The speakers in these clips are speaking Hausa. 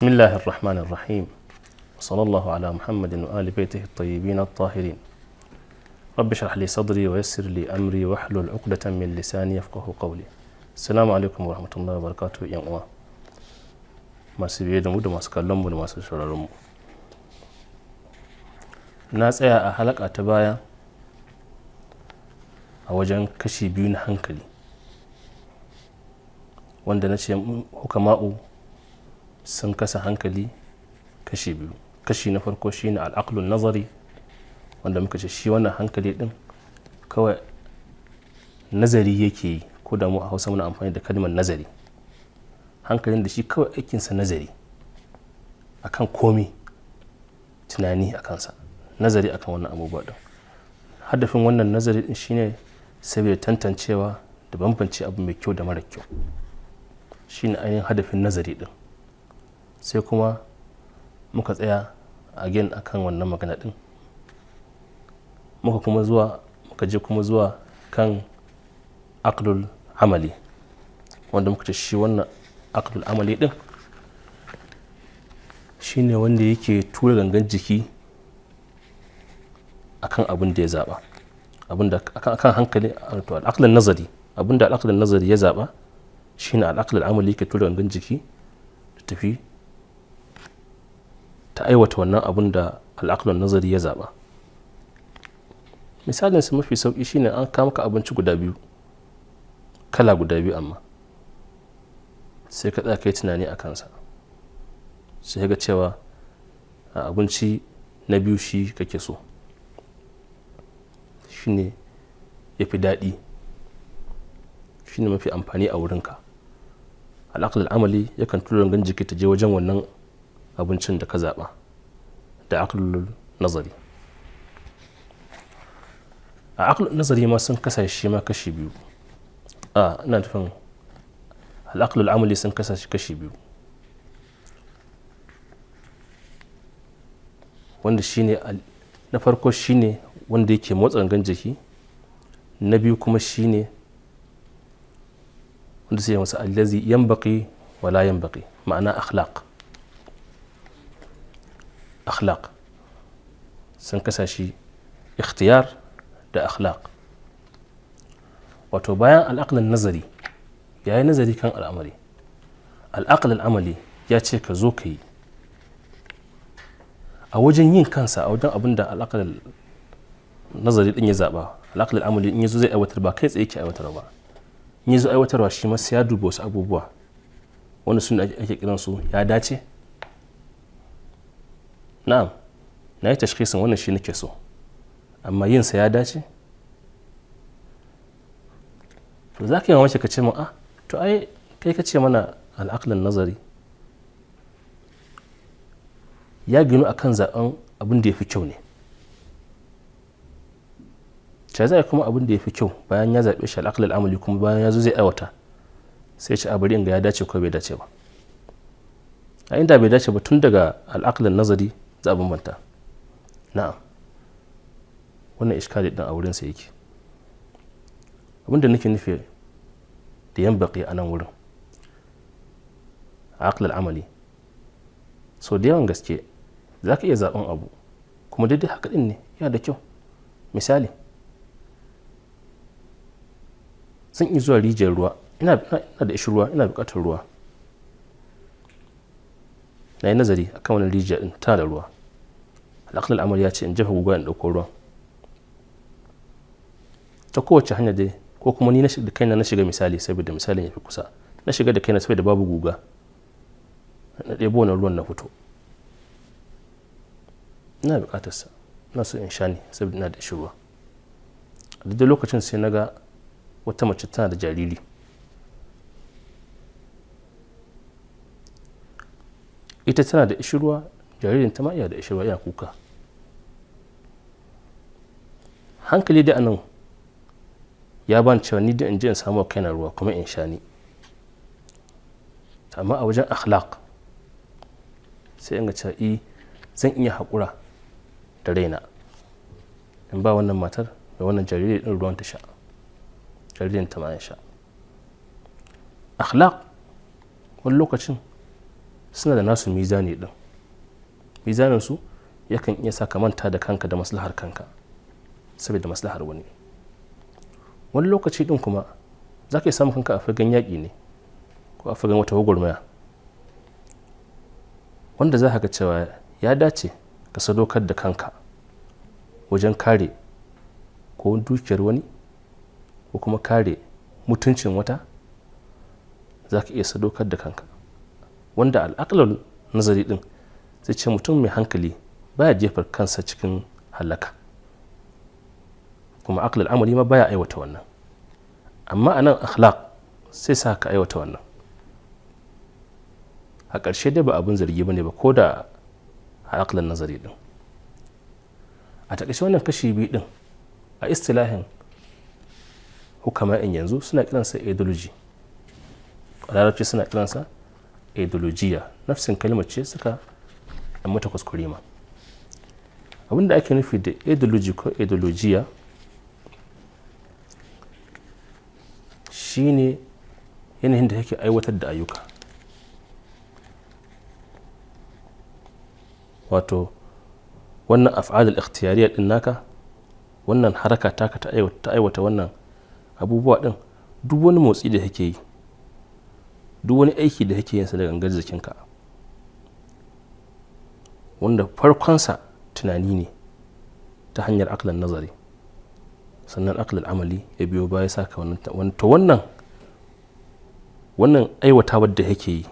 بسم الله الرحمن الرحيم وصلى الله على محمد وآل بيته الطيبين الطاهرين رب اشرح لي صدري ويسر لي أمري واحلل عقدة من لساني يفقه قولي السلام عليكم ورحمة الله وبركاته يا أمة ما biye da mu da masu kallon mu da masu sauraron mu na tsaya a halaka ta baya sun kasa hankali kashi biyu kashi na farko shine al'aklun nazari wanda muka ce shi wannan hankali din kawai nazari yake yi ko da mu a hausa muna amfani da kalmar nazari hankalin da shi kawai aikinsa nazari akan komi tunani a kansa nazari akan wannan abubuwa din hadafin wannan nazari din shine saboda tantancewa da bambance abu mai kyau da mara kyau shine ainihin hadafin nazari din sai kuma muka tsaya a a akan wannan magana din muka kuma zuwa muka je kuma zuwa kan akdul amali wanda muka ce shi wannan akdul amali din ne wanda yake tura gangan jiki akan abin da ya zaba a kan akan hankali to al'aqlin nazari abin da al'aqlin nazari ya zaba shi ne al'aqlin amali yake tura gangan jiki da tafi ta aiwata wannan abun da al'aklon nazari ya zaba misalin su mafi sauki shine an kama ka abinci guda biyu kala guda biyu amma sai ka tsaka yi tunani a kansa sai ga cewa a abinci na biyu shi kake so shine ya fi daɗi shine mafi amfani a wurinka al'aqal amali yakan tura gan jiki ta je wajen wannan abincin da ka zaɓa da aklul nazari a aklul nazari ma sun kasashe ma kashi biyu a ina nufin al'aklul amali sun kasashe kashi biyu wanda shine na farko shine wanda yake motsa gangan jiki na biyu kuma shine wanda sai masa allazi yan baki wala yan baki ma'ana akhlaq akhlaq sun kasa shi ikhtiyar da akhlaq wato bayan al'aqlin nazari ya yi nazari kan al'amari al'aqlin amali ya ce ka zo ka yi a wajen yin kansa a wajen abin da al'aqlin nazari din ya zaba al'aqlin amali in yazo zai aiwatar ba kai tsaye ke aiwatar ba in yazo aiwatarwa shi ma sai ya duba wasu abubuwa wanda suna ake kiransu ya dace na'am na yi tashkisin wannan shi nake so amma yinsa ya dace to za ka yi mamaci ka ce mu a ah, to ai kai ka ce mana al'aklan nazari ya ginu a kan zaɓen abin da ya fi kyau ne ta zai kuma abin da ya fi kyau bayan ya zaɓe shi al'aqlan amali kuma bayan ya zo zai aiwata sai ce a bari in ga ya dace ko bai dace ba a inda bai dace ba tun daga al'aklan nazari za a bambanta na'am wannan iskali ɗin a wurin wurinsa yake abinda nake nufi da yan baƙi a nan wurin a aqlal amali so da yawan gaske za ka iya zaɓen abu kuma daidai haka ɗin ne yana da kyau misali zan iya zuwa rijiyar ruwa ina da ishi ruwa ina buƙatar ruwa na yi nazari akan wani rijiya din tana da ruwa al'aqal al'amar ya ce in jefa guga in ɗauko ruwan ta kowace hanya dai ko kuma ni da kaina na shiga misali saboda misalin ya fi kusa na shiga da kaina saboda babu guga na ɗebo wani ruwan na fito ina buƙatar sa na so in sha ni saboda ina da shi ruwa a duk lokacin sai na ga wata mace tana da jariri ita tana da ishirwa jaririn ta ma iya da ishirwa iya kuka hankali da anan ya ban cewa ni da in je in samu kaina ruwa kuma in sha ni amma a wajen akhlaq sai in ga cewa i eh, zan iya haƙura da raina in ba wannan matar da wannan jariri in ruwan ta sha jaririn ta ma ya sha akhlaq wani lokacin suna da nasu mizani din mizanin su yakan iya sa ka manta da kanka da maslahar kanka saboda maslahar wani wani lokaci din kuma za ka samu kanka a fagen yaƙi ne ko a fagen wata gwagwarmaya wanda za ka cewa ya dace ka sadaukar da kanka wajen kare ko dukiyar wani ko kuma kare mutuncin wata za ka iya sadaukar da kanka wanda al'aƙalar nazari ɗin zai ce mutum mai hankali baya jefar kansa cikin halaka kuma aƙalar amali ma baya aiwata wannan amma a nan akhlaq sai sa ka aiwata wannan a ƙarshe dai ba abin zargi ba ne ba ko da aƙalar nazari ɗin a takaice wannan kashi biyu ɗin a istilahin hukama'in yanzu suna kiransa ideology a larabci suna kiransa ideologiya nafsin kalmar ce suka yan mata kuskure abinda ake nufi da ideology ko ideologiya shine yanayin da yake aiwatar da ayyuka wato wannan af'adul ikhtiyariya din naka wannan haraka taka ta aiwata wannan abubuwa din duk wani motsi da yake yi duk wani aiki da yin sa da gangar jikinka wanda farkonsa tunani ne ta hanyar aklan nazari sannan aklan amali ya biyo baya sa ka wannan ta wannan wannan aiwatawar da yake yi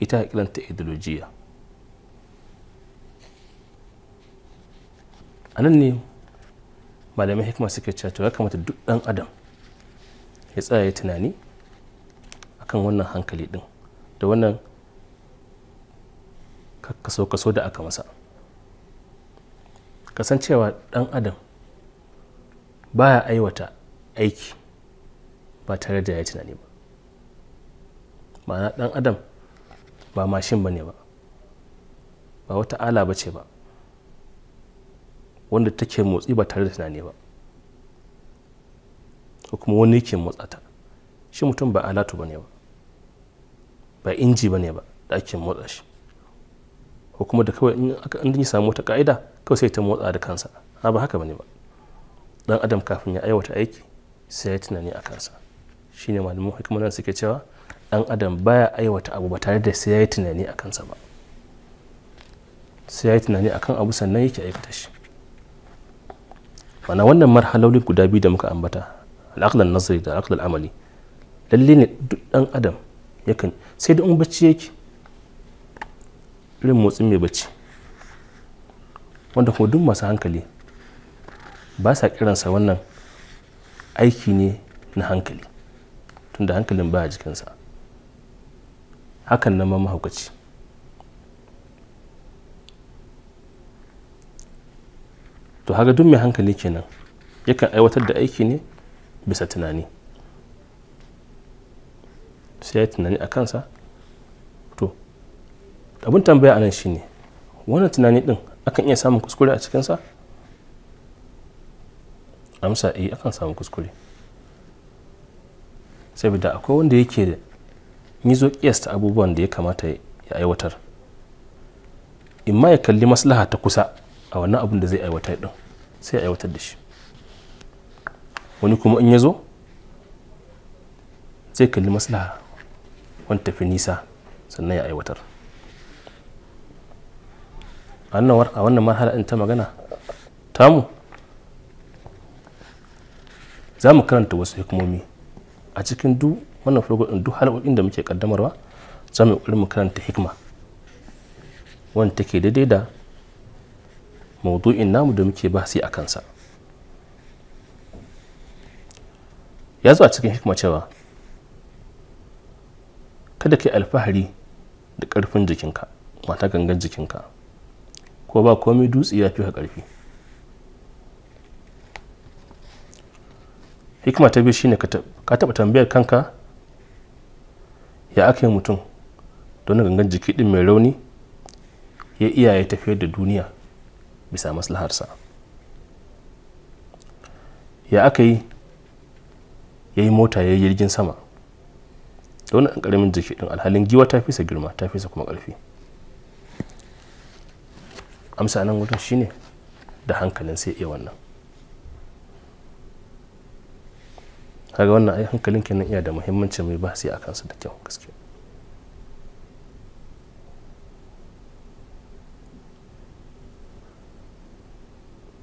ita ta ideologiya a nan ne malamai hikima suke cewa to ya kamata duk ɗan adam ya tsaya ya tunani akan wannan hankali din da wannan kaso-kaso da aka masa kasancewa dan adam baya aiwata aiki ba tare da ya tunani ba ma'ana dan adam ba mashin ba ne ba ba wata ala ba ce ba wanda take motsi ba tare da tunani ba ko kuma wani yake motsa ta shi mutum ba alatu ba ne ba ba inji ba ne ba da ake motsa shi ko kuma da kawai in yi samu wata ka'ida kawai sai ta motsa da kansa a ba haka ba ne ba dan adam kafin ya aiwata aiki sai ya tunani a kansa shine malamin hikimar nan suke cewa dan adam baya aiwata abu ba tare da sai ya tunani a kansa ba sai ya yi tunani akan abu sannan yake aikata shi mana wannan marhalolin guda biyu da muka ambata al'aqdal nazari da al'aqdal amali lalle ne duk dan adam yakan sai da in bacci yake irin motsin mai bacci wanda kuma duk masu hankali ba sa kiransa wannan aiki ne na hankali tunda hankalin ba a jikinsa hakan nan ma mahaukaci to haka duk mai hankali kenan yakan aiwatar da aiki ne bisa tunani sai ya yi tunani a kansa to abin tambaya a nan shine wannan tunani din akan iya samun kuskure a cikinsa amsa eh akan samu kuskure saboda akwai wanda yake da nizo kiyasta abubuwan da ya kamata ya aiwatar in ma ya kalli maslaha ta kusa a wannan abin da zai aiwatar din sai ya aiwatar da shi wani kuma in ya zo zai kalli maslaha wani tafi nisa sannan ya aiwatar a wannan marhala ɗin ta magana tamu za mu karanta wasu hikimomi a cikin duk wannan ɗin duk halakokin da muke kaddamarwa za mu yi mu karanta hikima wanda take daidai da maudu'in namu da muke bahasi a kansa ya zo a cikin hikma cewa kada ka yi alfahari da ƙarfin jikinka mata gangan jikinka ko ba komai dutse ya fi ka ƙarfi hikima ta biyu shine ka taɓa tambayar kanka ya aka yi mutum don gangan jiki ɗin mai rauni ya iyaye tafiyar da duniya bisa maslaharsa ya aka yi ya yi mota ya yi jirgin sama da wani karamin jiki din alhalin giwa ta fisa girma ta fisa kuma karfi amsa nan wurin shine da hankalin sai iya wannan kaga wannan ai hankalin kenan iya da muhimmanci mai ba sai a kansa da kyau gaske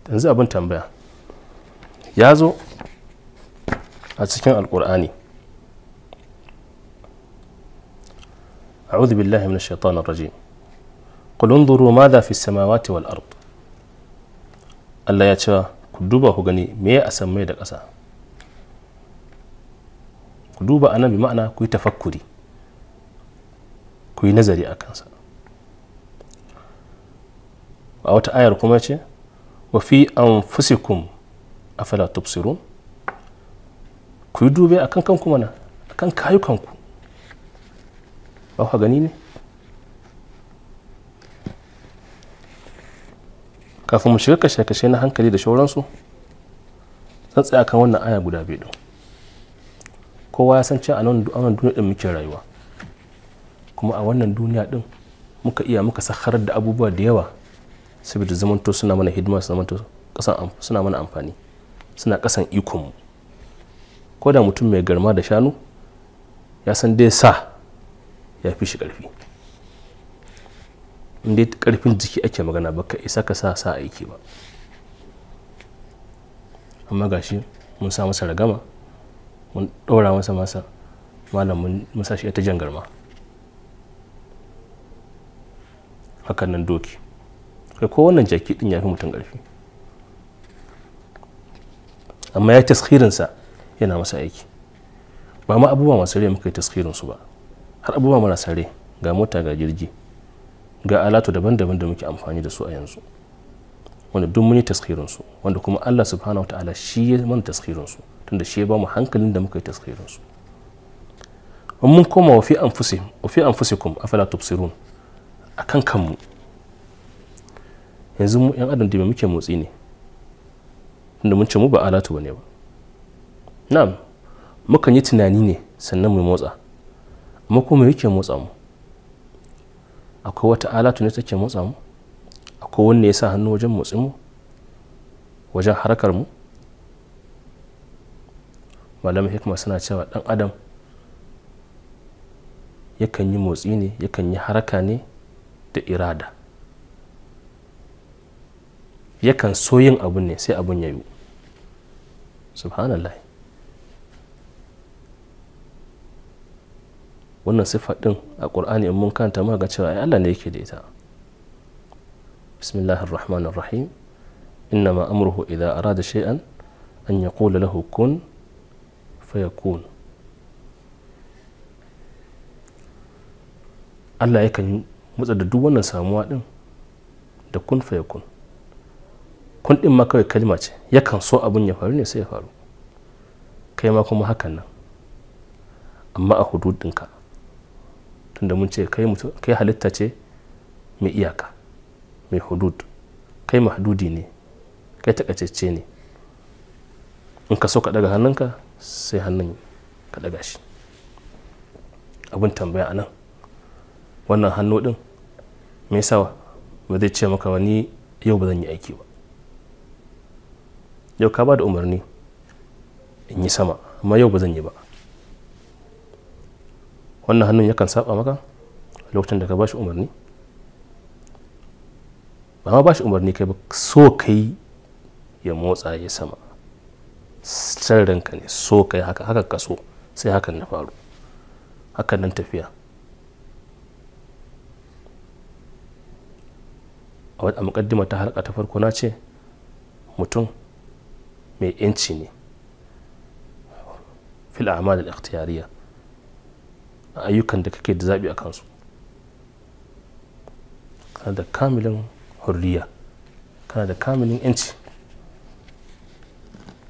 yanzu abin tambaya ya zo a cikin alkur'ani أعوذ بالله من الشيطان الرجيم قل انظروا ماذا في السماوات والأرض Allah ya cewa ku duba ku gani me a sammai da ƙasa ku duba anan bi ma'ana ku yi tafakkuri ku yi nazari a kansa a wata ayar kuma ce wa fi anfusikum afala tubsirun ku yi dube akan kanku mana akan kayukanku ba ku gani ne kafin mu shiga kashe-kashe na hankali da shauransu zan tsaya kan wannan aya guda biyu kowa ya san cewa a wannan duniya din muke rayuwa kuma a wannan duniya din muka iya muka sakharar da abubuwa da yawa saboda zamanto suna mana hidima su zamanto suna mana amfani suna kasan ikonmu ko da mutum mai garma da shanu ya san dai sa ya fi shi ƙarfi inda ƙarfin jiki ake magana ba ka isa ka sa sa aiki ba amma gashi mun sa masa ragama mun ɗora masa masa malam mun sa shi ta jan garma hakan nan doki kai ko wannan jaki din ya fi mutum ƙarfi amma ya taskirinsa yana masa aiki ba ma abubuwa masu rai muka yi taskirinsu ba har abubuwa mara sare ga mota ga jirgi ga alatu daban-daban da muke amfani da su a yanzu wanda duk muni taskirin su wanda kuma Allah subhanahu wataala shi ya mana taskirin su tunda shi ya ba mu hankalin da muka yi taskirin su mun koma wa fi anfusi wa fi anfusikum afala tubsirun akan kanmu yanzu mu yan adam da muke motsi ne tunda mun ce mu ba alatu bane ba na'am mukan yi tunani ne sannan mu motsa mu kuma yake motsa mu akwai wata alatu ne take motsa mu akwai wanda ya sa hannu wajen motsi mu wajen harkar mu malamin hikima suna cewa dan adam yakan yi motsi ne yakan yi haraka ne da irada yakan so yin abu ne sai abun ya yi subhanallah wannan siffa din a qur'ani in mun kanta ma ga cewa Allah ne yake da ita bismillahir rahmanir rahim innama amruhu idza arada shay'an an yaqula lahu kun fayakun Allah yakan mutsa da duk wannan samuwa din da kun fayakun kun din ma kawai kalma ce yakan so abun ya faru ne sai ya faru kai ma kuma hakan nan amma a hudud tunda mun ce kai halitta ce mai iyaka mai hudud kai mahdudi ne kai takacece ne in ka so ka daga hannunka sai hannun ka daga shi abin tambaya anan wannan hannu din me sawa ba zai ce maka wani yau ba zan yi aiki ba yau ka ba da umarni in yi sama amma yau ba zan yi ba wannan hannun yakan saba maka lokacin da ka bashi umarni ba ma bashi umarni kai ba so kai ya motsa ya sama san ka ne so kai haka haka ka so sai hakan na faru hakan nan tafiya a mukaddima ta harka ta farko na ce mutum mai yanci ne fil a'mal al-ikhtiyariyah ayyukan da kake da zaɓi a kansu kana da kamilin hurriya kana da kamilin yanci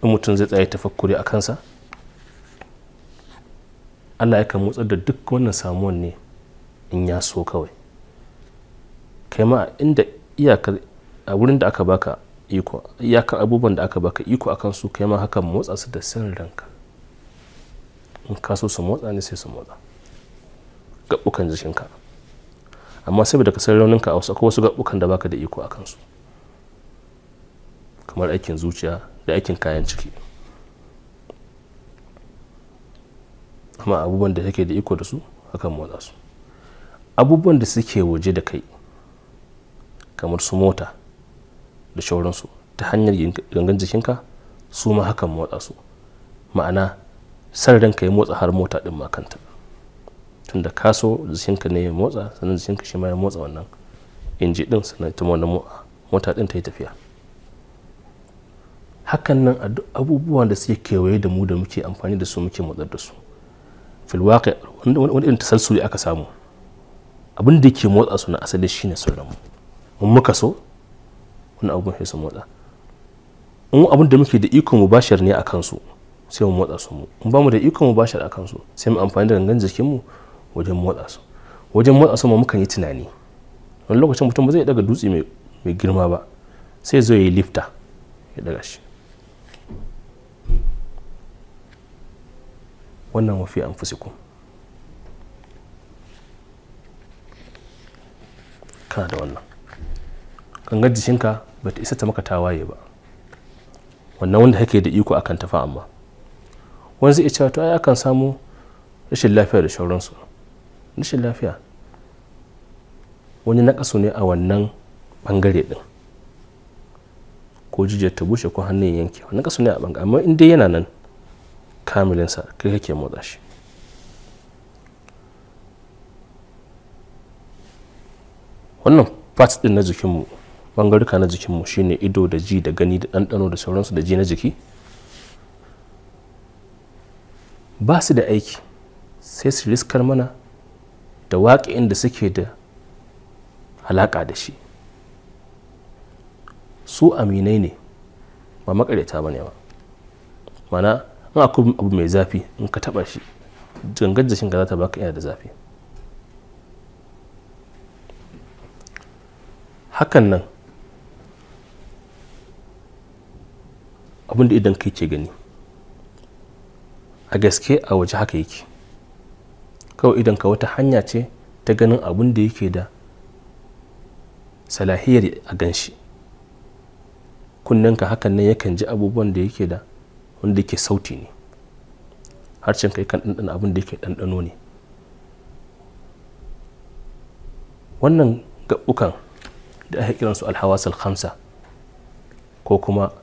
in mutum zai tsaye tafakkuri a kansa allah yakan motsar da duk wannan samuwan ne in ya so kawai kai ma inda iyakar a wurin da aka baka iko iyakar abubuwan da aka baka iko a kansu kai ma haka motsa su da sin ranka in ka so su motsa ne sai su motsa gaɓɓukan jikinka amma saboda ka san rauninka a wasu akwai wasu gaɓɓukan da baka da iko a kansu kamar aikin zuciya da aikin kayan ciki amma abubuwan da take da iko da su hakan motsa su abubuwan da suke waje da kai kamar su mota da shauransu ta hanyar gangan jikinka su ma hakan motsa su ma'ana san ka yi motsa har mota din ma kanta tunda ka so zikinka ne ya motsa sannan zikinka shi ma ya motsa wannan inji din sannan ita wannan mota din ta yi tafiya hakan nan abubuwan da suke kewaye da mu da muke amfani da su muke motsar da su filwaƙi wani irin tasalsuli aka samu abin da ke motsa su na asali shine sauran mu mun muka so wani abu sai su motsa in abin da muke da iko mu bashar ne a kansu sai mu motsa su mu in ba mu da iko mu bashar a kansu sai mu amfani da gangan jikin mu wajen motsa su wajen motsa su ma mukan yi tunani wani lokacin mutum ba zai daga dutse mai girma ba sai zo ya yi lifta ya daga shi wannan wafi an fi kana da wannan gangar jishinka ba ta isa ta maka tawaye ba wannan wanda kake da iko akan tafa amma wani zai iya cewa to ai akan samu rashin lafiya da shauransu rashin lafiya wani nakasu ne a wannan bangare din ko jijiyar ta bushe ko hannun yankewa nakasu ne a bangare amma in dai yana nan kamilinsa kai kake motsa shi wannan fats din na jikinmu bangaruka na jikinmu shine ido da ji da gani da ɗanɗano da sauransu da ji na jiki ba su da aiki sai su riskar mana da waƙi'in da suke da alaƙa da shi su aminai ne ba makareta ba ne ba mana in akwai abu mai zafi in ka taɓa shi gangar da ka za ta baka yana da zafi hakan nan abin idan kai ke gani a gaske a waje haka yake kawai idan ka wata hanya ce ta ganin abun da yake da salahiyar a gan shi ka hakan nan yakan ji abubuwan da yake da wanda yake sauti ne harshen kai kan ɗanɗana abin da yake ɗanɗano ne wannan gaɓɓukan da ake kiransu alhawasul khamsa ko kuma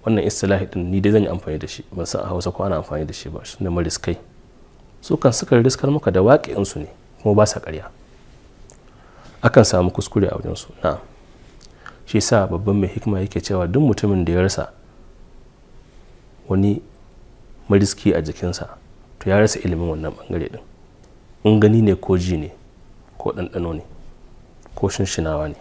wannan istilahi din ni dai zan yi amfani da shi ban san a hausa ko ana amfani da shi ba ne mariskai su kan suka riskar maka da waƙiyansu ne kuma ba sa ƙarya akan samu kuskure a wajensu na shi sa babban mai hikima yake cewa duk mutumin da ya rasa wani mariski a jikinsa to ya rasa ilimin wannan bangare din in gani ne ko ji ne ko ɗanɗano ne ko shinshinawa ne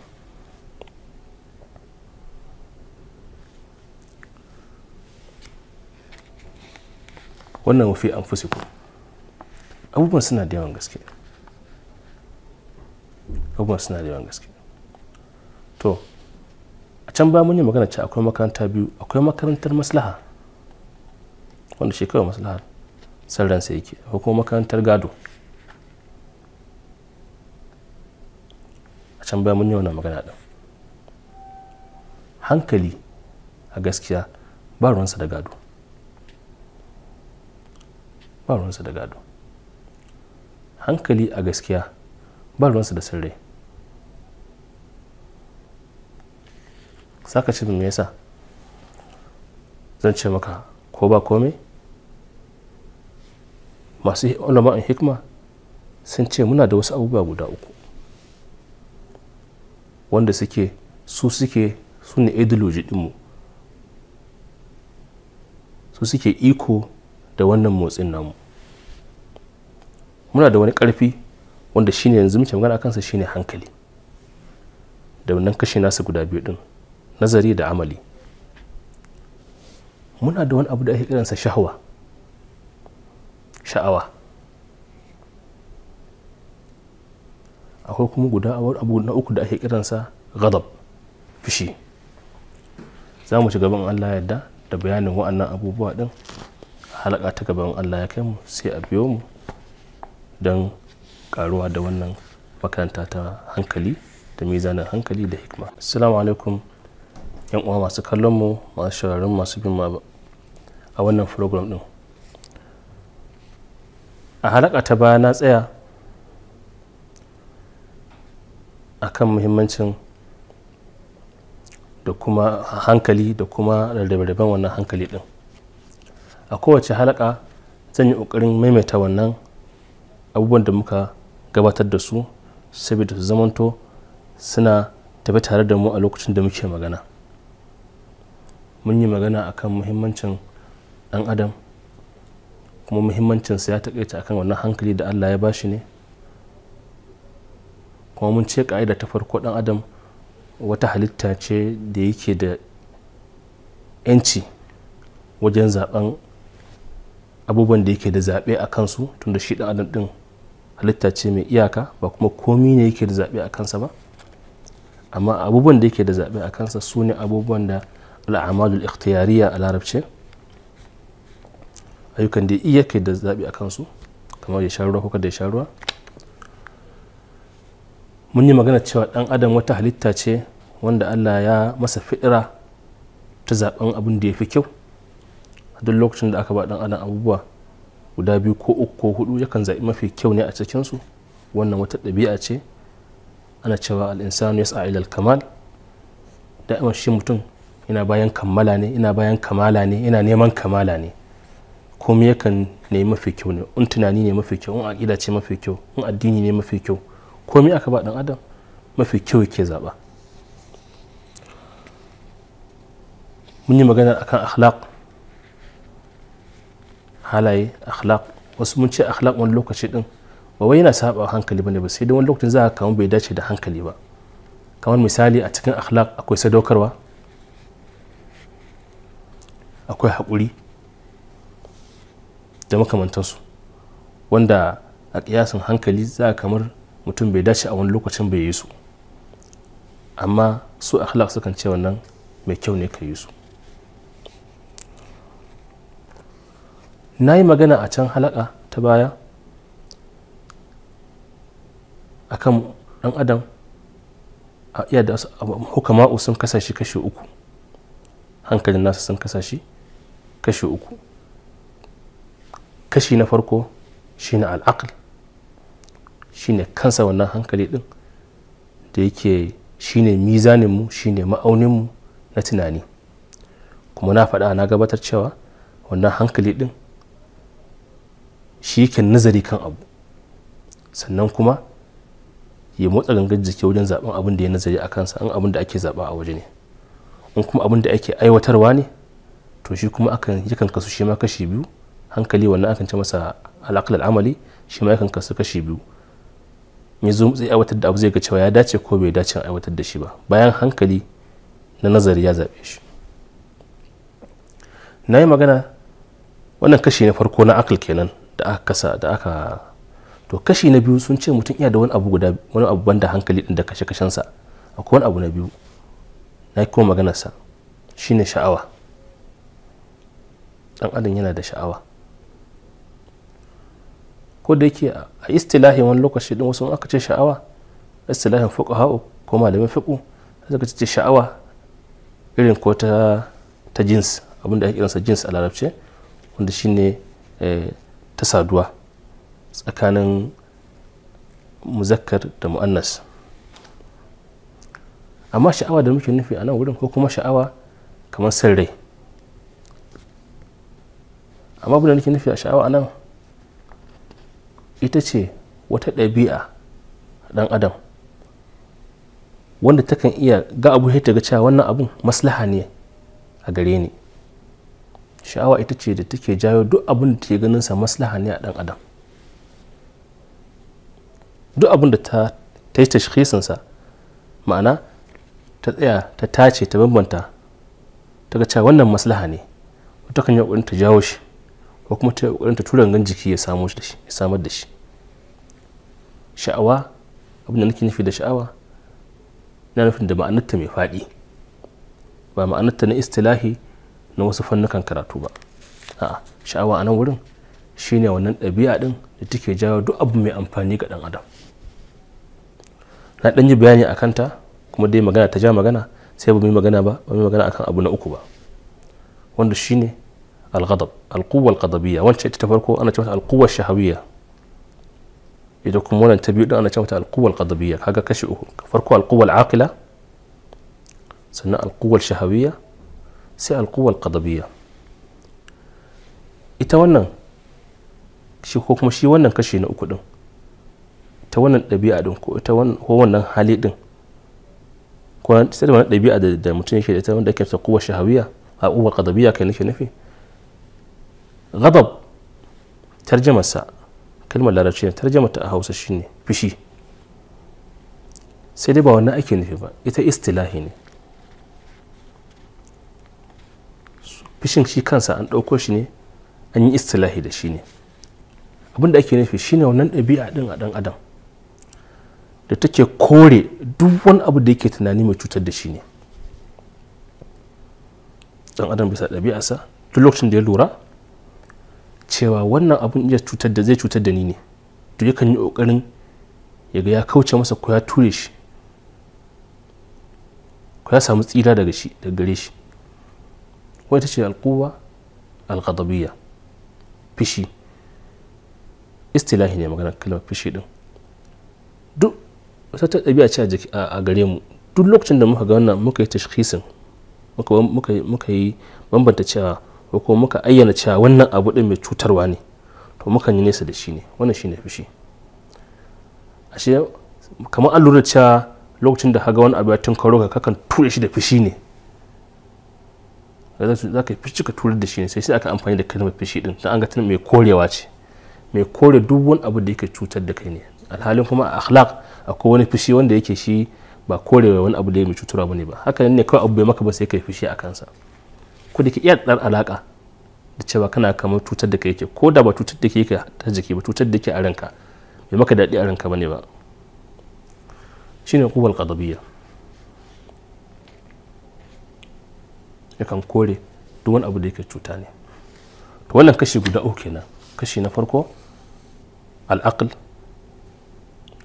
wannan mafi an fusi kuma abubuwan suna da yawan gaske abubuwan suna da yawan gaske to a can ba mun yi magana ce akwai makaranta biyu akwai makarantar maslaha wanda shi kawai maslahar san sai yake akwai kuma makarantar gado a can ba mun yi wannan magana ɗin hankali a gaskiya ba ruwansa da gado ba ruwansa da gado hankali a gaskiya ba ruwansu da sirri saka ce me yasa zan ce maka ko ba komai masu ulama'in hikma sun ce muna da wasu abubuwa guda uku wanda suke su suke su ne ideology dinmu su suke iko da wannan motsin namu muna da wani karfi wanda shine yanzu muke magana kansa shine hankali da wannan kashi nasu guda biyu din nazari da amali muna da wani abu da ake kiransa shahwa sha'awa akwai kuma guda abu na uku da ake kiransa gadab fushi za mu ci gaban allah yadda da bayanin wa'annan abubuwa din halaka ta gaban allah ya kai mu sai a biyo mu don karuwa da wannan makaranta ta hankali da mizanin hankali da hikma assalamu alaikum yan uwa masu kallon mu masu shirarrun masu bin ma a wannan program din a halaka ta baya na tsaya a kan muhimmancin da kuma hankali da kuma rarrabe-rarraben wannan hankali din a kowace halaka zan yi ƙoƙarin maimaita wannan abubuwan da muka gabatar da su saboda su zamanto suna tafi tare da mu a lokacin da muke magana mun yi magana akan muhimmancin dan adam kuma muhimmancinsa ya taƙaita akan wannan hankali da allah ya bashi ne kuma mun ce ka'ida ta farko dan adam wata halitta ce da yake da 'yanci wajen zaben abubuwan da yake da zaɓe a kansu tunda shi dan adam din halitta ce mai iyaka ba kuma komi ne yake da zaɓe a kansa ba amma abubuwan da yake da zaɓe a kansa su ne abubuwan da al'amadul ikhtiyariya a larabce ayyukan da iya ke da zaɓe a kansu kamar ya sharuwa ko kada ya sharuwa mun yi magana cewa ɗan adam wata halitta ce wanda allah ya masa fi'ira ta zaɓen abin da ya fi kyau duk lokacin da aka ba ɗan adam abubuwa guda biyu ko uku ko hudu yakan zaɓi mafi kyau ne a cikinsu wannan wata ɗabi'a ce ana cewa al'insanu ya ilal kamal da'ima shi mutum yana bayan kammala ne yana bayan kamala ne yana neman kamala ne kuma yakan nemi mafi kyau ne in tunani ne mafi kyau in aƙida ce mafi kyau in addini ne mafi kyau komai aka ba ɗan adam mafi kyau yake zaɓa mun yi magana akan akhlaq halaye akhlaq wasu mun ce akhlaq wani lokaci din ba wai yana saba hankali bane ba sai dai wani lokacin za ka kawo bai dace da hankali ba kamar misali a cikin akhlaq akwai sadaukarwa akwai haƙuri da makamantansu wanda a ƙiyasin hankali za kamar mutum bai dace a wani lokacin bai yi su amma su akhlaq sukan ce wannan mai kyau ne ka yi su na yi magana a can halaka ta baya a kan ɗan adam a iya da hukama'u sun kasashe kashe uku hankalin nasa sun kasashe kashe uku kashi na farko shine al'aql shine kansa wannan hankali ɗin da yake shine mizaninmu shine ma'auninmu na tunani kuma na faɗa na gabatar cewa wannan hankali ɗin shi ke nazari kan abu sannan kuma ya motsa gangar jiki wajen zaben abin da ya nazari a kansa an abin da ake zaba a waje ne in kuma abin da ake aiwatarwa ne to shi kuma akan yakan kasu shi ma kashi biyu hankali wannan akan ce masa al'aqal amali shi ma yakan kasu kashi biyu ya zo zai aiwatar da abu zai ga cewa ya dace ko bai dace aiwatar da shi ba bayan hankali na nazari ya zaɓe shi na yi magana wannan kashi na farko na akal kenan da aka kasa da aka to kashi na biyu sun ce mutum iya da wani abu guda wani abu banda hankali din da kashe kashensa akwai wani abu na biyu na kuma sa shine sha'awa dan adam yana da sha'awa ko da yake a istilahi wani lokaci din wasu aka ce sha'awa istilahin fuqaha'u ko malamin fiqu zaka ce sha'awa irin ko ta ta jins abinda ake kiransa jins a larabce wanda shine eh, ta saduwa tsakanin muzakkar da mu'annas amma sha'awa da muke nufi a nan wurin ko kuma sha'awa kamar san rai amma abin da nake nufi a sha'awa a nan ita ce wata ɗabi'a ɗan adam wanda takan iya ga abu ta ga cewa wannan abun maslaha ne a gare ni sha'awa ita ce da take jawo duk abin da take ganin sa maslaha ne a dan adam duk abin da ta ta yi tashkisin sa ma'ana ta tsaya ta tace ta bambanta ta ga cewa wannan maslaha ne ta kan yi kokarin ta jawo shi ko kuma ta yi kokarin ta tura gan jiki ya samu shi ya samar da shi sha'awa abin da nake nufi da sha'awa na nufin da ma'anarta mai faɗi ba ma'anarta na istilahi na wasu fannukan karatu ba a'a sha'awa a nan wurin shine wannan ɗabi'a ɗin da take jawo duk abu mai amfani ga ɗan adam na ɗan yi bayani a kanta kuma dai magana ta ja magana sai ba mu yi magana ba ba mu yi magana akan abu na uku ba wanda shine al-ghadab al-quwwa al-ghadabiyya ita ta farko ana cewa al-quwwa shahawiyya ita kuma wannan ta biyu ana cewa al-quwwa al-ghadabiyya kaga kashi uku farko al-quwwa al-aqila sannan al-quwwa al-shahawiyya sai alkuwal qadabiyya ita wannan shi ko kuma shi wannan kashe na uku din ta wannan ɗabi'a din ko wannan hali din ko sai da wannan ɗabi'a da mutum yake da ita wanda ake ta kuwa shahawiya a uwa qadabiyya kai nake nufi ghadab tarjamarsa kalmar larabci ne tarjamar ta a hausa shine fishi sai dai ba wannan ake nufi ba ita istilahi ne fishin shi kansa an ɗauko shi ne an yi istilahi da shi ne abin da ake nufi ne wannan ɗabi'a ɗin a ɗan adam da take kore duk wani abu da yake tunani mai cutar da shi ne ɗan adam bisa ɗabi'arsa duk lokacin da ya lura cewa wannan abin iya cutar da zai cutar da ni ne to yakan yi ƙoƙarin ya ga ya kauce masa ko ya ture shi ko ya samu tsira daga shi daga gare shi wata ce alkuwa alghadabiyya fishi istilahi ne magana kalmar fishi din duk ta ɗabi'a ce a gare mu duk lokacin da muka ga wannan muka yi tashkisin muka yi bambanta cewa ko kuma muka ayyana cewa wannan abu din mai cutarwa ne to muka yi nesa da shi ne wannan shi ne fishi ashe kamar an lura cewa lokacin da haga wani abu ya tunkaro ka kakan ture shi da fushi ne za ka fi ka turar da shi ne sai sai aka amfani da kalmar fishi din dan an ga mai korewa ce mai kore duk wani abu da yake cutar da kai ne alhalin kuma a akhlaq akwai wani fishi wanda yake shi ba korewa wani abu da yake mai cutura bane ba haka ne kawai abu bai maka ba sai kai fishi a kansa ku da ke iya dar alaka da cewa kana kamar cutar da kai yake ko da ba cutar da kai ta jiki ba cutar da yake a ranka bai maka daɗi a ranka bane ba shine kubal qadabiyya yakan kore duk wani abu da yake cuta ne to wannan kashi guda uku kenan kashi na farko al'aql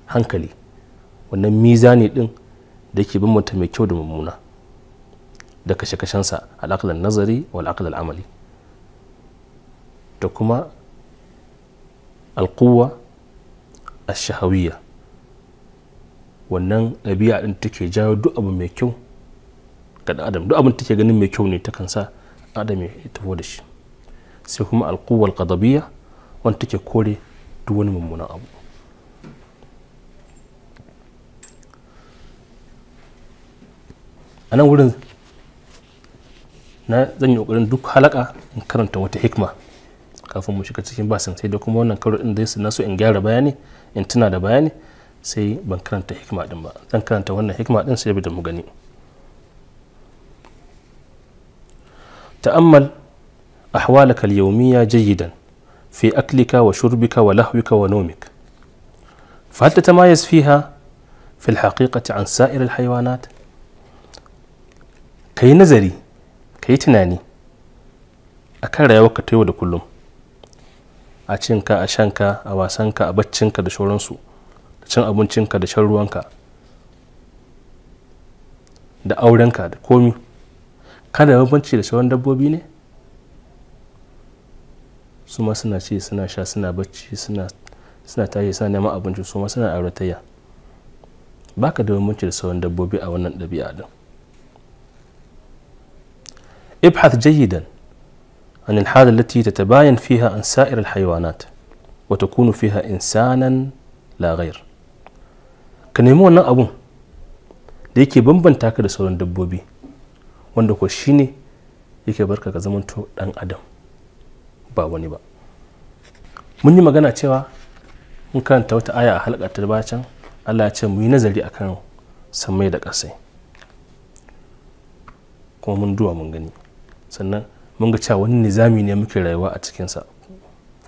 hankali wannan mizani din da yake bambanta mai kyau da mummuna da kashe-kashensa al'aqlan nazari wal aqlan amali da kuma alkuwa a shahawiyya wannan ɗabi'a ɗin take jawo duk abu mai kyau ga dan adam duk abin take ganin mai kyau ne ta kansa adam ya tafi da shi sai kuma alquwal qadabiyya wanda take kore duk wani mummunan abu a nan wurin na zan yi kokarin duk halaka in karanta wata hikma kafin mu shiga cikin basin sai da kuma wannan karo din da na so in gyara bayani in tuna da bayani sai ban karanta hikma din ba zan karanta wannan hikma din sai da mu gani تأمل أحوالك اليومية جيدا في أكلك وشربك ولهوك ونومك فهل تتمايز فيها في الحقيقة عن سائر الحيوانات؟ كي نزري كي تناني أكل ريوك تيو لكلهم أشنك أشنك أواسنك أبتشنك دشورنسو تشن أبونشنك دشوروانك da aurenka da komi kada bambanci da sauran dabbobi ne su ma suna ci suna sha suna bacci suna neman abinci su ma suna auratayya ba ka da bambanci da sauran dabbobi a wannan ɗabi'a din ابحث جيدا عن الحالة التي bayan fiha عن سائر الحيوانات وتكون فيها إنسانا لا غير ka nemi wannan abun da yake bambanta ka da sauran dabbobi wanda ko shi ne yake barka ka zamanto dan adam ba wani ba mun yi magana cewa mun karanta wata aya a halkar ta bacan allah ya ce mu yi nazari akan samai da ƙasai kuma mun duwa mun gani sannan mun ga cewa wani nizami ne muke rayuwa a cikinsa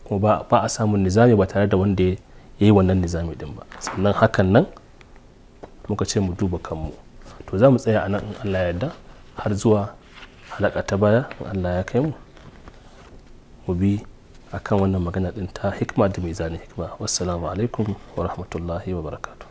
kuma ba a samun nizami ba tare da wanda ya yi wannan nizami din ba sannan hakan nan muka ce mu duba kanmu to za mu tsaya a nan in allah ya yarda har zuwa halaka ta baya allah ya kai mu mu bi akan wannan magana din ta hikma da mai zane hikma wassalamu alaikum wa rahmatullahi wa barakatuh